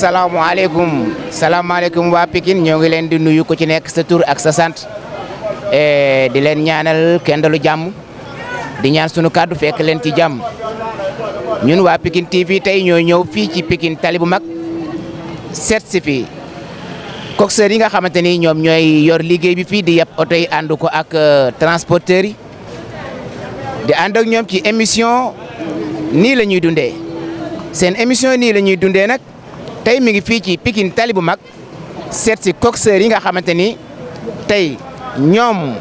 Assalamualaikum. salaamaaleykum waa Pikine ñoo ngi leen di nuyu ku ci nekk sa tur ak sa sant e, di leen ñaanal kendalu di ñaan sunu kàddu fekk leen ci jàmm ñun waa Pikine TV tay ñoo ñëw fii ci Pikine tali bu mag seet si fii coxeur yi nga xamante yor bi fi di yeb oto yi ànd ko ak e, transporteurs yi di ànd ak ñoom ci émission nii la ñuy dundee émission nii la tey mi ngi fii ci Pikine tali bu mag seet si coxeur yi nga xamante ni tey ñoom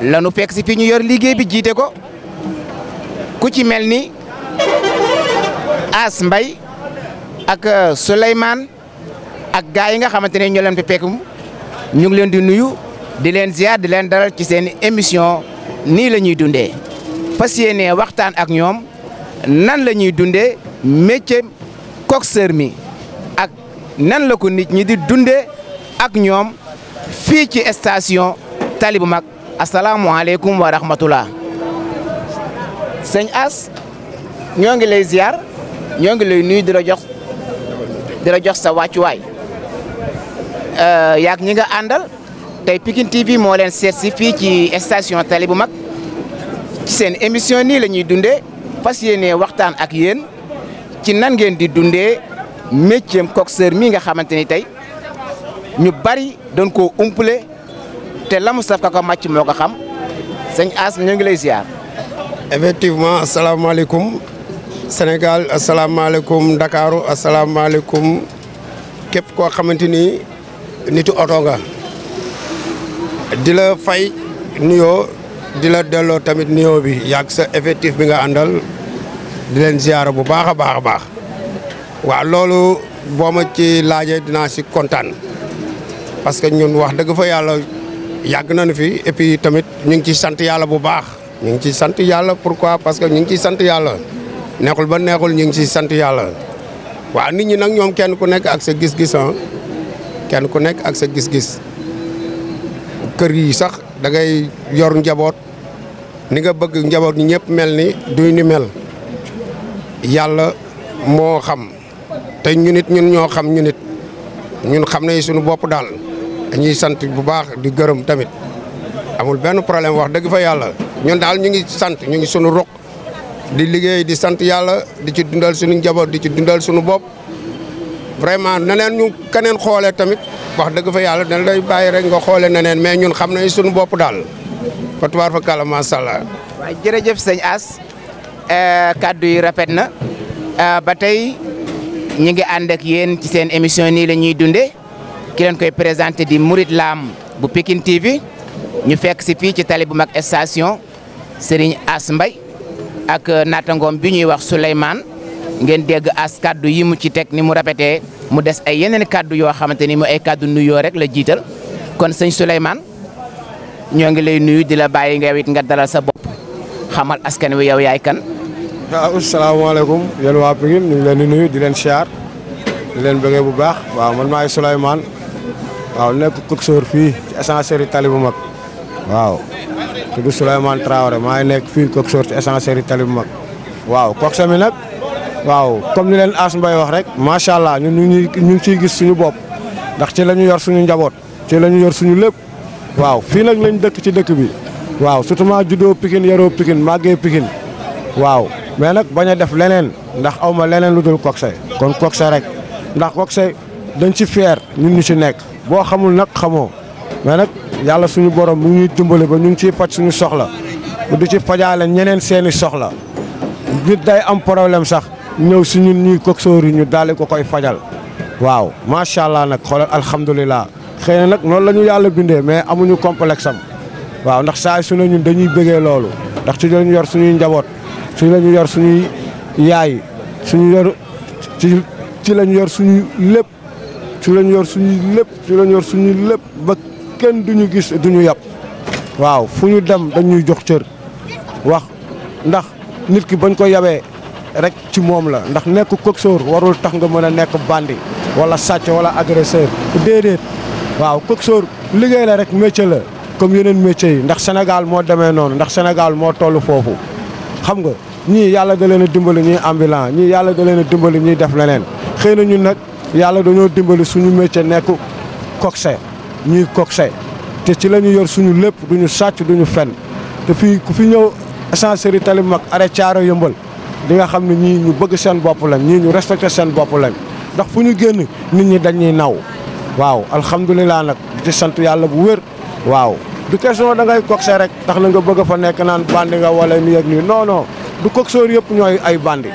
la nu fekk si fii ñu yor liggéey bi jiite ko ku ci mel ni As Mbay ak euh, Souleymane ak gaa yi nga xamante ne ñoo leen fi ñu ngi leen di nuyu di leen ziar di leen dalal ci seen émission nii la ñuy dundee fas waxtaan ak ñoom nan la ñuy dundee métier coxeur mi. nan la ko nit ñi di dunde ak ñoom fii ci station tali bu mag asalaamualeykum wa rahmatullah sëñ As ñoo ngi lay ziar ñoo ngi lay nuyu di la jox di la jox sa wàccuwaay euh, yaag ñi nga àndal tey Pikine TV moo leen seet si fii ci station tali bu mag ci seen émission nii la ñuy dundee fas yéenee waxtaan ak yéen ci nan ngeen di dundee. métier coxeur mi nga xamanteni tay ñu bari don ko umpule té lamu saf ka ko match mo ko xam seigne As ñu ngi lay ziar. effectivement alaykum Sénégal alaykum Dakar assalamu alaykum kep ko xamanteni nitu auto nga dila fay nuyo dila delo tamit nuyo bi yak sa effectif bi nga andal di len ziar bu baakha baakha wa lolu boma ma ci laaje dina si contane parce que ñun wax deug fa yalla yag nañ fi et puis tamit ñu ngi ci sante yalla bu baax ñu ngi ci sante yalla pourquoi parce que ñu ngi ci sante yalla neexul ba neexul ñu ngi ci sante yalla wa nit ñi nak ñom kenn ku nekk ak sa gis-gis han ah. kenn ku nekk ak sa gis-gis kër yi sax da ngay yor njabot ni nga bëgg njabot ñepp mel ni duy ni mel yalla mo xam te ñun nit ñun ño xam ñun nit ñun xam nañ suñu bop dal dañuy sant bu baax di gëreum tamit amul benn problème wax deug fa yalla ñun dal ñu ngi sant ñu ngi suñu roq di liggéey di sant yalla di ci dundal suñu jabo di ci dundal suñu bop vraiment nenen ñu kenen xolé tamit wax deug fa yalla dañ lay bayyi rek nga xolé nenen mais ñun xam nañ suñu bopp daal fatuwaar fa ma allah. seigne As eh, kaddu yi rafet na eh, ñu ngi Yen ak yéen ci seen émission nii la ñuy dunde ki leen koy présenté di Mouride Lam bu Pekin TV ñu fekk si fii ci tali bu mag station Serigne As Mbaye ak euh, naatangoom bi ñuy wax Souleymane ngeen dégg as kaddu yi mu ci teg ni mu répété mu des ay yeneen kaddu yoo xamante ni mu ay kaddu nuyoo rek la jiital kon sëñ Souleymane ñoo ngi lay nuyu di la nga wit nga dalal sa bopp xamal askan wi yow yaay kan Assalamualaikum, asalaamaaleykum yéen waa Pikine ñu ngi leen di nuyu di leen siyaar di leen bëggee bu baax waaw man maay Souleymane waaw nekk coxeur fii ci ascenseur tali bu wow wow, tudd Souleymane Traoré maa ngi nekk fii coxeur ci ascenseur tali bu wow waaw coxeur mi wow waaw comme ni leen As wow, wax rek macha allah ñun ñu ngi ñu ngi ciy gis suñu bopp ndax ci la yor suñu njaboot ci la yor suñu lépp waaw fii nag lañ dëkk ci dëkk bi waaw surtout maa wow Wow, mais nag bañ a def leneen ndax aw ma leneen lu dul coxé kon coxé rek ndax coxé dañ ci fier ñun ñu ci nekk boo xamul nag xamoo mais nag yàlla suñu borom mu ñuy dimbali ba ñu ngi ciy faj suñu soxla di ci fajaale ñeneen seeni soxla nit day am problème sax ñëw si ñun ñuy coxeur yi ñu daal ko koy fajal waaw macha allah nag xoolal alhamdulilah xëy na nag noonu la ñu yàlla bindee mais amuñu complexe waaw ndax saa su ne ñun dañuy bëggee loolu ndax ci dañu yor suñuy njaboot. ci lañu yor suñuy yaay suñu yor ci ci la yor suñuy lépp ci lañu yor suñuy lépp ci la yor suñuy lépp ba kenn duñu gis duñu yàpp waaw fu ñu dem dañuy jox cër wax ndax nit ki bañ ko yabee rek ci moom la ndax nekk coxeur warul tax nga mën a nekk bandi wala sàcc wala agresseur déedéet waaw coxeur liggéey la rek métier la comme yeneen métier yi ndax Sénégal moo demee noonu ndax Sénégal moo tollu foofu xam nga ñii yàlla da na a dimbali ñuy ambulant ñii yàlla da leen a dimbali ñuy defleneen xëy na ñun nag yàlla dañoo dimbali suñu métier nekk coxé ñuy coxé te ci la ñu yor suñu lépp du duñu sàcc ñu fen te fii ku fi ñëw essencerie tali mag arrêt caaro yëmbal di nga xam ne ñii ñu bëgg seen bopp lañ ñii ñu respecté seen bopp lañ ndax fu ñu génn nit ñi dañuy naw waaw alhamdulilah nag di sant yàlla bu wér waaw du question da ngay coxé rek tax na nga bëgg a fa nekk naan bandi nga wala nii ak nii non du coxeur yëpp ñooy ay bandi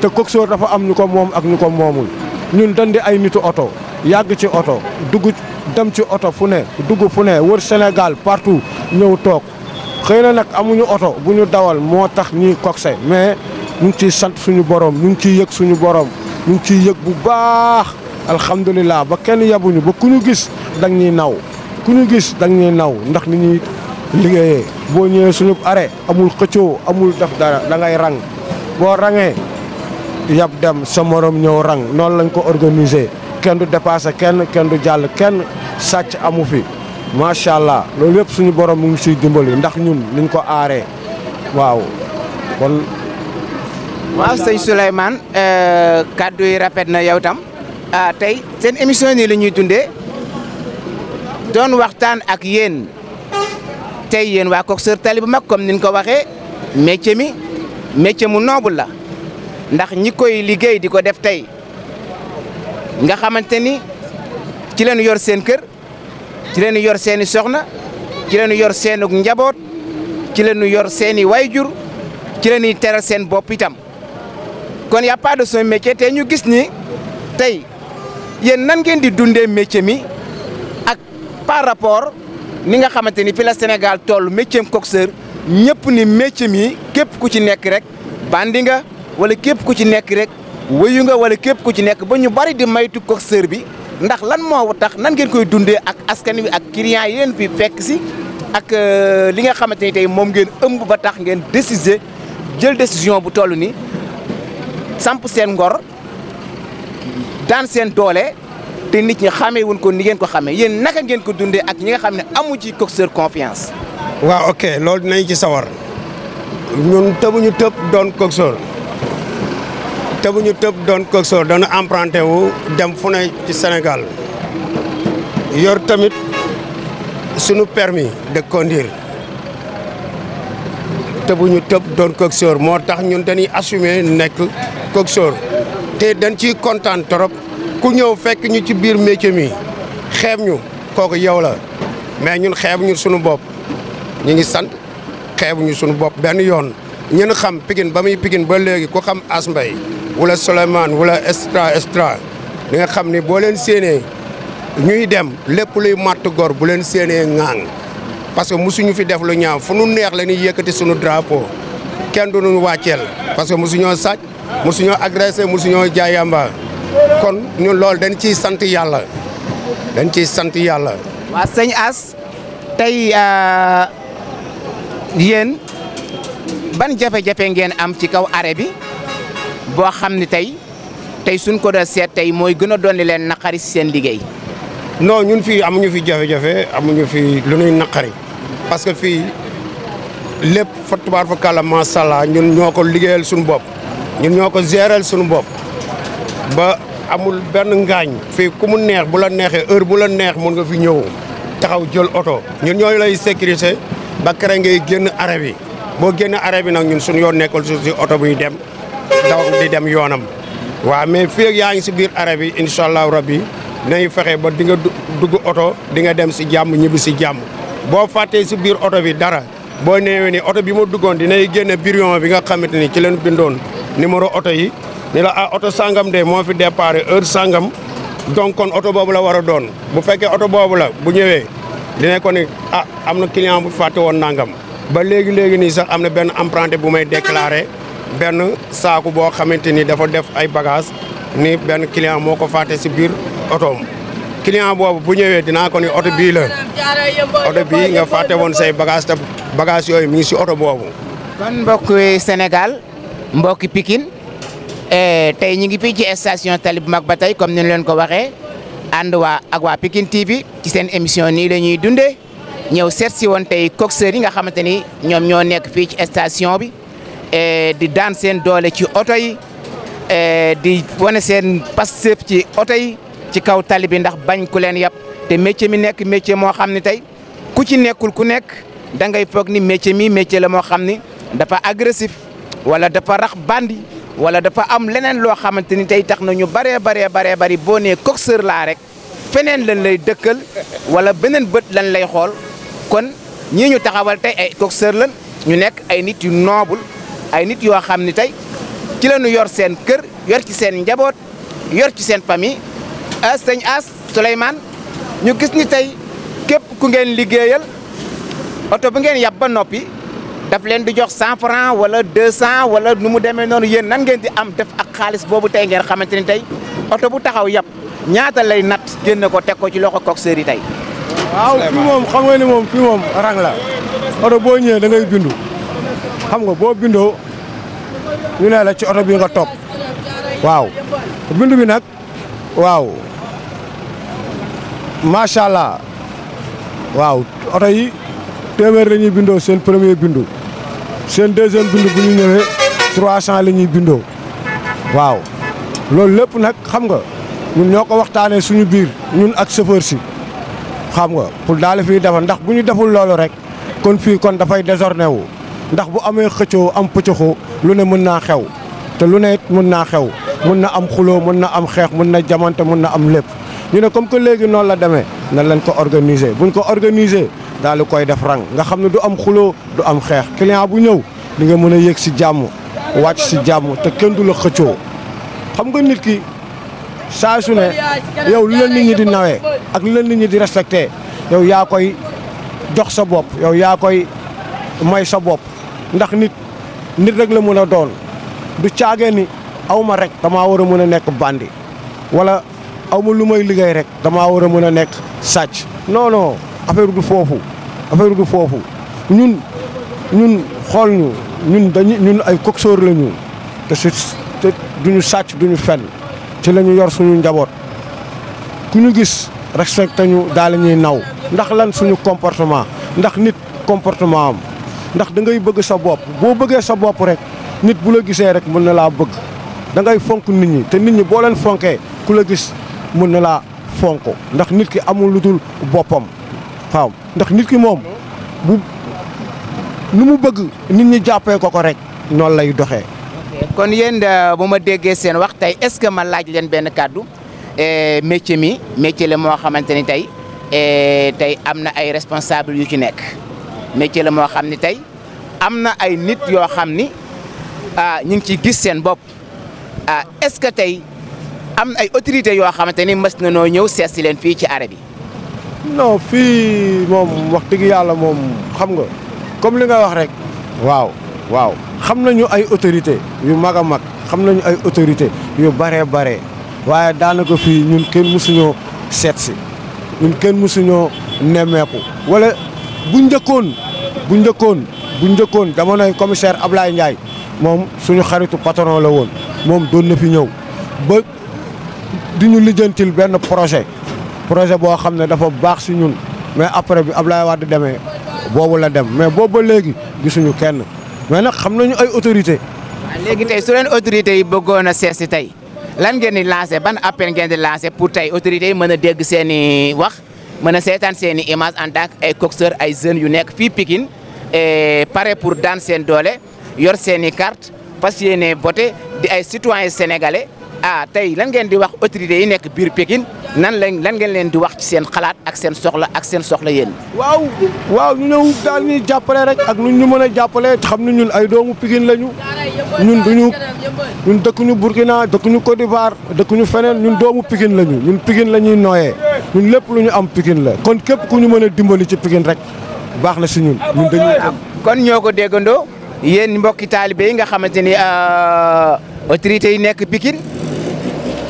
te coxeur dafa am ñu ko moom ak ñu ko moomul ñun dañ ay nitu oto yàgg ci oto dugg dem ci oto fu ne dugg fu ne wër senegal partout ñëw toog xëy na nag amuñu oto bu ñu dawal moo tax ñuy coxé mais ñu ngi ciy sant suñu borom ñu ngi ciy yëg suñu borom ñu ngi ciy yëg bu baax alhamdulilah ba kenn yabuñu ba ku ñu gis dañ ñuy naw ku ñu gis dang ñuy naw ndax ni ñu liggéeyee boo ñëwee suñu arrêt amul xëccoo amul def dara da ngay rang boo rangee yab dem sa morom ñëw rang noonu lañ ko organiser kenn du dépassé kenn kenn du jàll kenn sàcc amu fi macha allah loolu yëpp suñu borom mu ngi siy dimbali ndax ñun niñ ko aare waaw kon. waaw sëñ Souleymane euh, kaddu yi rafet na yow tam ah, tey seen émission nii la ñuy dundee. doon waxtaan ak yéen tey yéen waa Coxeur Tali bu mag comme ni ko waxee métier mi métier mu noble la ndax ñi koy liggéey di ko def tey nga xamante ni ci leen yor seen kër ci leen yor seeni soxna ci leen yor seenu njaboot ci leen yor seeni wayjur ci leen teral seen bopp itam kon y a pas de son ñu gis ni tey yéen nan ngeen di dundee métier mi. par rapport ni nga xamanteni fi la Sénégal toll métier coxeur ñepp ni métier mi képp ku ci nekk rek bandi nga wala képp ku ci nekk rek wéyu nga wala képp ku ci nekk ba ñu bari di maytu coxeur bi ndax lan moo tax nan ngeen koy dundé ak askan wi ak client yeen fi fekk si ak euh, li nga xamanteni tay mom ngeen ëmb ba tax ngeen décider jël décision bu toll ni samp seen ngor daan seen doolé te nit ñi xamee wuñ ko ni ngeen ko xamee yéen naka ngeen ko dundee ak ñi nga xam ne amu ci Coxeur confiance. waaw ok loolu dinañ ci sawar ñun tëbuñu tëb doon Coxeur tëbuñu tëb doon Coxeur dañu emprunté wu dem fu ne ci senegal yor tamit sunu permis de conduire ñu tëb doon Coxeur moo tax ñun dañuy assumer nekk Coxeur te dañ ci kontaan trop. ku ñew fekk ñu ci biir métier mi xeeb ñu kooku yow la mais ñun xeebu ñu suñu bop ñi ngi sant xeebu ñu suñu bop ben yoon ñun xam pigin ba muy pigin ba légui ku xam asmbay wala souleyman wala extra extra li nga xam ni bo leen séné ñuy dem lepp luy mat gor bu leen séné ngang parce que musuñu fi def lu ñaaw fu nu neex la ni yëkëti suñu drapeau kenn du ñu waccel parce que musuñu sàcc musuñu agresser musuñu jaayamba kon ñun loolu dañ ciy sant yàlla dañ ciy sant yàlla. waa sëñ As tey euh, yéen ban jafe-jafe ngeen am ci kaw arrêt bi boo xam ni tey tey suñ ko doon seet tey mooy gën a dolli leen naqari si seen liggéey. non ñun fii amuñu fi jafe-jafe amuñu fi lu ñuy naqari parce que fii lépp fa tubaar fa kàlla macha allah ñun ñoo ko liggéeyal suñu bopp ñun ñoo ko géral suñu bopp. ba amul benn ngaañ fi ku neex bu la neexee heure bu la neex mun nga fi ñëw taxaw jël oto ñun ñooy lay sécuriser ba kere ngay génn arrêt bi boo génn arrêt bi nag ñun suñu yoon nekkul si oto buy dem daw di dem yoonam waaw mais fii ak yaa ngi si biir arrêt bi incha allahu rabbi dinañ fexe ba di nga dugg oto di nga dem si jàmm ñibbi si jàmm boo fàttee si biir oto bi dara boo neewee ni oto bi ma duggoon dinay génne birion bi nga xamante ni ci leen bindoon numéro oto yi ni la ah oto sangam de moo fi départ heure sangam donc kon oto boobu la war a doon bu fekkee oto boobu la bu ñëwee dina ko ni ah am na client bu fàtte woon nangam ba léegi léegi nii sax am na benn emprunté bu may déclaré benn saaku boo xamante ni dafa def ay bagage ni benn client moo ko fàtte si biir otoom client boobu bu ñëwee dinaa ko ni oto bii la oto bii nga fàtte woon say bagage te bagage yooyu mi ngi si oto boobu. kon mbokki Sénégal mbokki Pikine. Eh, tey ñu ngi fii ci station tali bu mag ba tey comme ni leen ko waxee ànd waa ak waa Pikine TV ci seen émission nii la ñuy dundee ñëw seet si woon tey coxeur yi nga xamante ni ñoom ñoo nekk fii ci station bi eh, di daan seen doole ci oto yi eh, di wane seen passef ci oto ci kaw tali bi ndax bañ ku leen yab te métier mi nekk métier moo xam ne tey ku ci nekkul ku nekk da ngay foog ni métier mi métier la moo xam ni dafa agressif wala dafa rax bandi wala dafa am leneen loo xamante ni tey tax na ñu baree baree baree bari boo nee coxeur laa rek feneen lañ lay dëkkal wala beneen bët lañ lay xool kon ñii ñu taxawal tey ay coxeur lañ ñu nekk ay nit yu noble ay nit yoo xam ni tey ci la yor seen kër yor ci seen njaboot yor ci seen famille as ah sëñ as Souleymane ñu gis ni tey képp ku ngeen liggéeyal oto bu ngeen yàb ba noppi. daf leen di jox 100 francs wala deux wala nu mu demee noonu nan ngeen di am def ak xaaliss bobu tay. ngeen xamanteni tay auto bu taxaw yàpp ñaata lay nat genn ko tek ko ci loxo coxeur yi tey. waaw fi mom xam nga ni mom fi mom rang la auto bo ñëwee da ngay bindu xam nga bo bindo ñu ne la ci auto bi nga top waaw bindu bi nak waaw macha allah waaw auto yi téeméer lañuy bindo sen premier bindu. seen deuxième bind bu ñu ñëwee trois cent la ñuy bindoo waaw loolu lépp nag xam nga ñun ñoo ko waxtaanee suñu biir ñun ak chauffeur si xam nga pour daale fii defal ndax bu ñu deful loolu rek kon fii kon dafay désordonné wu ndax bu amee xëccoo am pëccëxoo lu ne mën naa xew te lu ne it mën naa xew mën na am xuloo mën na am xeex mën na jamante mën na am lépp ñu ne comme que léegi noonu la demee na leen ko organiser buñ ko organiser daal di koy def rang nga xam ne du am xuloo du am xeex client bu ñëw di nga mën a yéeg si jàmm wàcc si jàmm te kenn du la xëccoo xam nga nit ki saa su ne yow lu la nit ñi di nawee ak lu la nit ñi di respecté yow yaa koy jox sa bopp yow yaa koy may sa bopp ndax nit nit rek la mën a doon du caagee ni aw ma rek damaa war a mën a nekk bandi wala aw ma lu may liggéey rek dama war a mën a nekk sàcc non affaire du foofu affaire du foofu ñun ñun xool ñu ñun dañu ñun ay coxeur la ñu te si te duñu sàcc duñu fenn ci la ñu yor suñu njaboot ku ñu gis respecté ñu daal ñuy naw ndax lan suñu comportement ndax nit comportement ndax dangay bëgg sa bopp boo bëggee sa bopp rek nit bu la gisee rek mun na laa bëgg da ngay fonk nit ñi te nit ñi boo leen fonkee ku la gis mun na laa fonk ndax nit ki amul lu dul boppam waaw ndax nit ki moom bu nu mu bëgg nit ñi jàppee ko ko rek noonu lay doxe kon yéen euh, bu ma déggee seen wax tey est-ce que ma laaj leen benn kàddu euh, métier mi métier moo xamante ni tey euh, tey am na ay responsable yu ci nekk métier la moo xam ni tey am na ay nit yoo xam ni ah ñu ngi ciy gis seen bopp ah est-ce que tey am na ay autorités yoo xamante ni mës na noo ñëw seet si leen fii ci arrêt bi. non fii moom wax dëgg yàlla moom xam nga comme li nga wax rek waaw waaw xam nañu ay autorité yu mag a mag xam nañu ay autorité yu baree bare waaye daanaka fii ñun kenn mësuñoo seet si ñun kenn mësuñoo nemmeeku wala bu njëkkoon bu njëkkoon bu njëkkoon jamonoy commissaire Ablaye Ndiaye moom suñu xaritu patron la woon moom doon na fi ñëw ba di ñu lijjantil benn projet projet boo xam ne dafa baax si ñun mais après bi Ablaye Wade demee boobu la dem mais boobu ba léegi suñu kenn mais nax xam nañu ay autorité waaw léegi tey su leen autorité yi bëggoon a seesi tey lan ngeen di lancé ban appel ngeen di lancé pour tey autorité yi mën a dégg seen wax mën a seetaan seen i image en tant ay coxeur ay jeunes yu nekk fii pikin et pare pour daan seen doole yor seen i carte parce que yéene voté di ay citoyens sénégalais ah tey lan ngeen di wax autorité yi nekk biir Pikine nan lañ lan ngeen leen di wax ci seen xalaat ak seen soxla ak seen soxla yéen. waaw waaw ñu ñëw daal ñuy jàppale rek ak nu ñu mën a jàppale xam ne ñun ay doomu Pikine lañu ñun duñu ñun dëkkuñu Burkina dëkkuñu Côte d'Ivoire dëkkuñu feneen ñun doomu Pikine lañu ñun Pikine la ñuy nooyee ñun lépp lu ñu am Pikine la kon képp ku ñu mën a dimbali ci Pikine rek baax na si ñun ñun dañuy am. Ah, kon ñoo ko déggandoo yéen mbokki taalibe yi nga xamante ni euh, autorités yi nekk Pikine.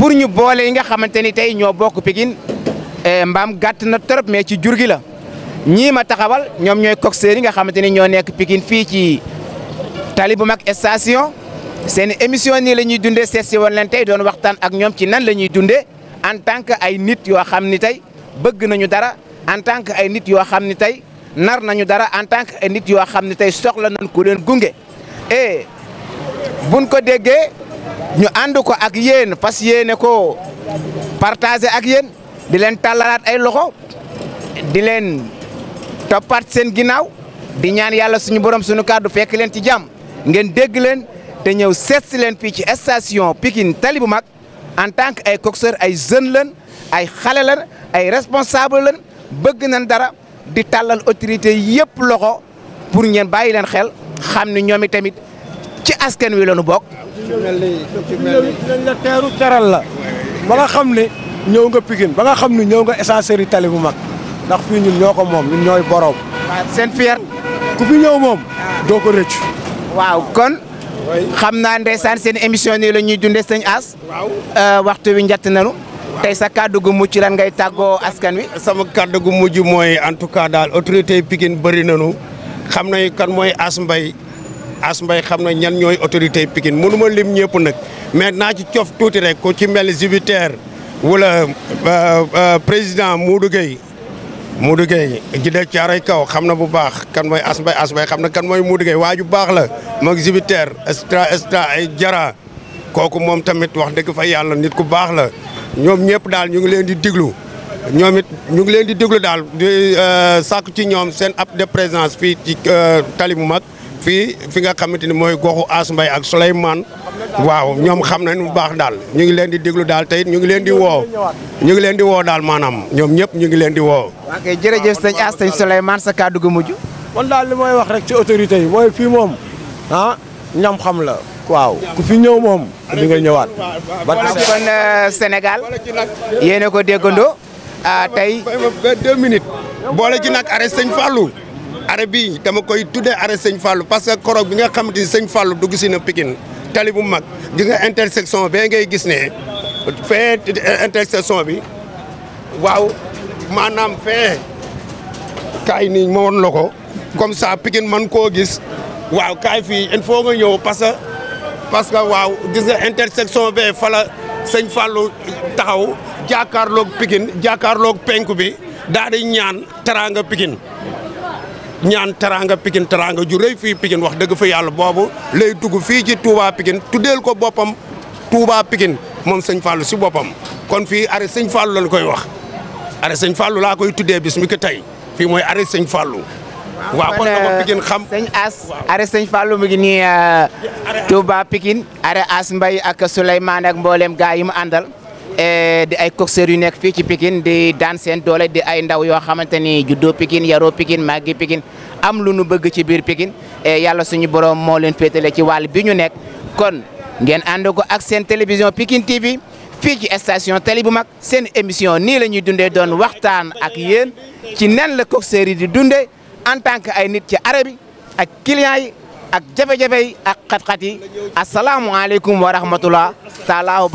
pour ñu boole yi nga xamanteni tay ño ñoo pigin euh mbam gatt na torop mais ci jurgi la ñi ma taxawal ñom ñoy coxeur yi nga xamanteni ño nek pigin fi ci tali mak station seen émission ni lañuy dundé dundee won si tay doon waxtaan ak ñom ci nan lañuy dundé en tant que ay nit yo xamni tay bëgg nañu dara en tant que ay nit yo xamni tay nar nañu dara en tant que nit yo xamni tay soxla nañ ku leen gungé eh buñ ko déggé ñu ànd ko ak yéen fas yéene ko partagé ak yéen di leen tàllalaat ay loxo di leen toppaat seen ginnaaw di ñaan yàlla suñu borom suñu kàddu fekk leen ci jàmm ngeen dégg leen te ñëw seet si leen fii ci station Pikine tali bu mag en tant que ay coxeur ay jeune lan ay xale lan ay responsable lan bëgg nañ dara di tàllal autorité yëpp loxo pour ngeen bàyyi leen xel xam ne ñoom i tamit ci askan wi lañu bokk ci mel ni ci mel la ba nga xam ne ñëw nga Pikine ba nga xam ne ñëw nga essencerie tali bu mag ndax fii ñun ñoo ko moom ñun ñooy boroom seen fier ku fi ñëw moom doo ko rëccu waaw kon xam naa ndeysaan seen émission nii la ñuy dundee sëñ As euh, waxtu wi njatt nanu tey sa kàddu gu mucc lan ngay tàggoo askan wi. sama kàddu gu mujj mooy en tout cas daal autorité Pikine bëri nanu xam nañu kan mooy As mbay As Mbaye xam na ñan ñooy autorité Pikine mënu ma lim ñëpp nag mais naa ci cof tuuti rek ku ci mel Jupiter wala euh, euh, président mu Gueye mu Gueye ji de caaray kaw xam na bu baax kan mooy As Mbaye As xam na kan mooy Moudou Gueye waa ju baax la moog Jupiter extra extra ay jara kooku moom tamit wax dëgg fa yàlla nit ku baax la ñoom ñëpp daal ñu ngi leen di diglu ñoom it ñu ngi leen di diglu daal di euh, sàkku ci ñoom seen ab de présence fii ci tali bu mag fii fi nga xamante ni mooy goxu Ass mbay ak Souleymane waaw ñoom xam nañu bu baax daal ñu ngi leen di déglu daal tey ñu ngi leen di woo ñu ngi leen di woo daal maanaam ñoom ñëpp ñu ngi leen di woo. ok jërëjëf sëñ Ass sëñ Souleymane sa kàddu gu mujj. man daal li may wax rek ci autorité yi mooy fii moom ah ñam xam la. waaw ku fi ñëw moom di nga ñëwaat. ba kon euh, Sénégal yéen a ah, tey. boole ji nag arrêté sëñ Fallou. arrêt bi dama koy tuddee arrêt sëñ Fallou parce que koroog bi nga xamante ni sëñ Fallou dugg si na Pikine tali bu mag di nga intersection bee ngay gis ne fee intersection bi waaw maanaam fee kaay nii ma won la ko comme ça Pikine man koo gis waaw kaay fii il faut nga ñëw parce que parce que waaw gis nga intersection bee fa la sëñ Fallou taxaw jàkkaarloog Pikine jàkkaarloog penku bi daal di ñaan teraanga pikin ñaan teranga pikin teranga ju reuy fi pikin wax deug fa yalla bobu lay dugg fi ci touba pikin tudel ko bopam touba pikin mom seigne fallu ci bopam kon fi are seigne fallu lañ koy wax are seigne fallu la koy tuddé bis mi ko tay fi moy are seigne fallu wa kon dama pikin euh, xam seigne as are seigne fallu mi ngi ni euh, touba pikin are as mbay ak souleyman ak yi mu andal Eh, di ay coxeur yu nekk fii ci Pikine di daan seen doole di ay ndaw yoo xamante ni juddoo Pikine yaroo Pikine màggi Pikine am lu nu bëgg ci biir Pikine eh, yàlla suñu borom moo leen féetale ci wàll bi ñu nekk kon ngeen ànd ko ak seen télévision Pikine TV fii ci station télé bu mag seen émission nii la ñuy dundee doon waxtaan ak yéen ci nen la coxeur yi di dundee en tant que ay nit ci arab bi ak client yi ak jafe-jafe yi ak xat-xat yi asalaamualeykum wa rahmatullah taalaa